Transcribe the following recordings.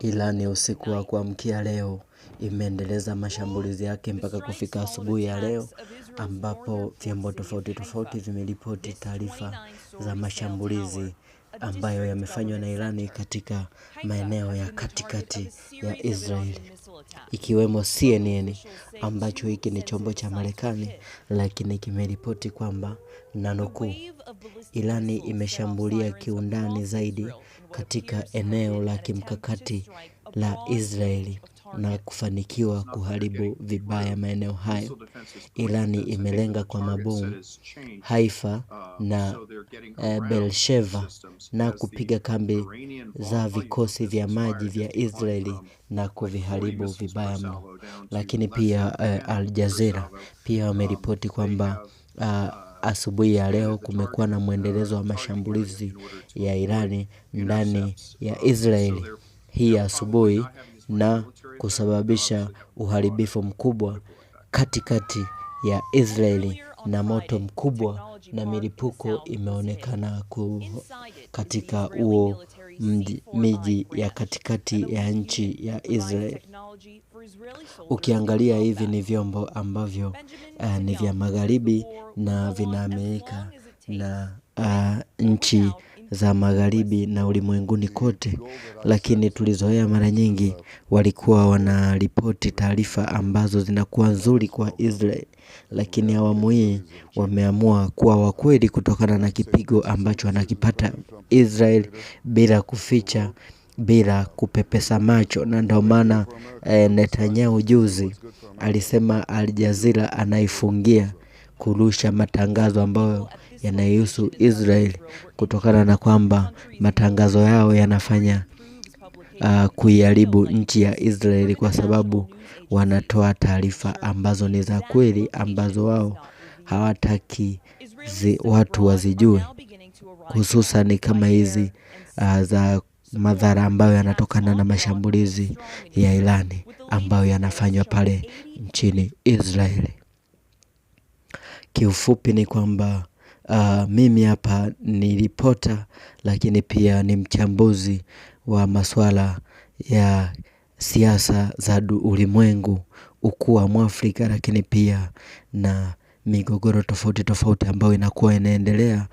Irani usiku wa kuamkia leo imeendeleza mashambulizi yake mpaka kufika asubuhi ya leo, ambapo vyombo tofauti tofauti vimeripoti taarifa za mashambulizi ambayo yamefanywa na Irani katika maeneo ya katikati ya Israeli ikiwemo CNN ambacho hiki ni chombo cha Marekani, lakini kimeripoti kwamba na nukuu Irani imeshambulia kiundani zaidi katika eneo la kimkakati la Israeli na kufanikiwa kuharibu vibaya maeneo hayo. Irani imelenga kwa mabomu Haifa na e, eh, Belsheva na kupiga kambi za vikosi vya maji vya Israeli na kuviharibu vibaya mno. Lakini pia e, Al Jazeera pia wameripoti kwamba uh, Asubuhi ya leo kumekuwa na mwendelezo wa mashambulizi ya Irani ndani ya Israeli hii asubuhi na kusababisha uharibifu mkubwa katikati ya Israeli na moto mkubwa na milipuko imeonekana katika huo miji ya katikati ya nchi ya Israeli. Ukiangalia hivi ni vyombo ambavyo uh, ni vya magharibi na vinaaminika na uh, nchi za magharibi na ulimwenguni kote, lakini tulizoea mara nyingi walikuwa wanaripoti taarifa ambazo zinakuwa nzuri kwa Israel, lakini awamu hii wameamua kuwa wakweli kutokana na kipigo ambacho anakipata Israel bila kuficha bila kupepesa macho, na ndio maana e, Netanyahu juzi alisema Al Jazeera anaifungia kurusha matangazo ambayo yanayohusu Israel kutokana na kwamba matangazo yao yanafanya uh, kuiharibu nchi ya Israeli kwa sababu wanatoa taarifa ambazo ni za kweli ambazo wao hawataki zi, watu wazijue, hususani kama hizi uh, za madhara ambayo yanatokana na mashambulizi ya Irani ambayo yanafanywa pale nchini Israeli. Kiufupi ni kwamba uh, mimi hapa ni ripota lakini pia ni mchambuzi wa masuala ya siasa za ulimwengu, ukuu wa Mwafrika, lakini pia na migogoro tofauti tofauti ambayo inakuwa inaendelea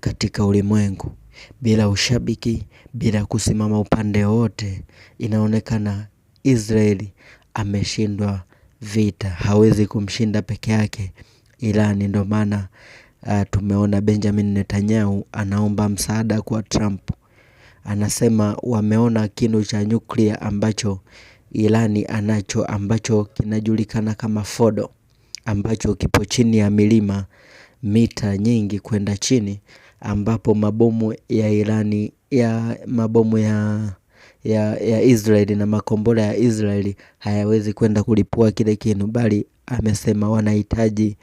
katika ulimwengu bila ushabiki, bila kusimama upande wote inaonekana Israeli ameshindwa vita, hawezi kumshinda peke yake Irani. Ndio maana uh, tumeona Benjamin Netanyahu anaomba msaada kwa Trump, anasema wameona kinu cha nyuklia ambacho Irani anacho ambacho kinajulikana kama Fordo ambacho kipo chini ya milima mita nyingi kwenda chini ambapo mabomu ya Irani ya mabomu ya ya, ya Israeli na makombora ya Israeli hayawezi kwenda kulipua kile kinu, bali amesema wanahitaji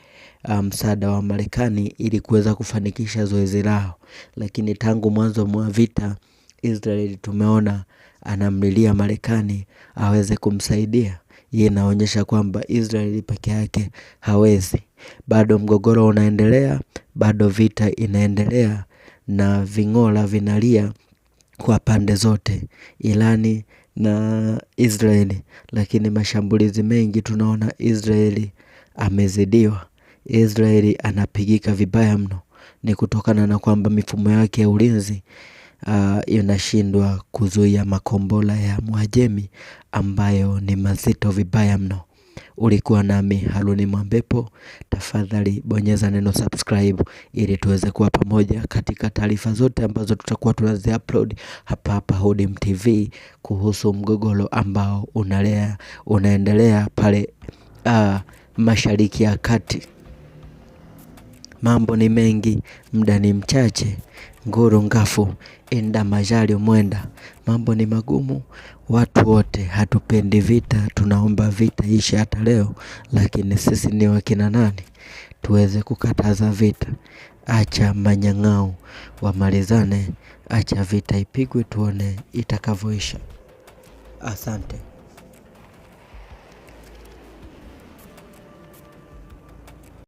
uh, msaada um, wa Marekani ili kuweza kufanikisha zoezi lao. Lakini tangu mwanzo mwa vita Israeli tumeona anamlilia Marekani aweze kumsaidia. Hii inaonyesha kwamba Israeli peke yake hawezi bado mgogoro unaendelea, bado vita inaendelea na ving'ola vinalia kwa pande zote, Irani na Israeli. Lakini mashambulizi mengi tunaona Israeli amezidiwa, Israeli anapigika vibaya mno. Ni kutokana na kwamba mifumo yake ya ulinzi uh, inashindwa kuzuia makombora ya Mwajemi ambayo ni mazito vibaya mno. Ulikuwa nami Haruni Mwambepo. Tafadhali bonyeza neno subscribe ili tuweze kuwa pamoja katika taarifa zote ambazo tutakuwa tunazi upload hapa hapa Hodem TV kuhusu mgogoro ambao unalea unaendelea pale uh, Mashariki ya Kati. Mambo ni mengi, muda ni mchache, nguru ngafu enda majali mwenda. Mambo ni magumu, watu wote hatupendi vita, tunaomba vita ishe hata leo, lakini sisi ni wakina nani tuweze kukataza vita? Acha manyang'au wamalizane, acha vita ipigwe, tuone itakavyoisha. Asante.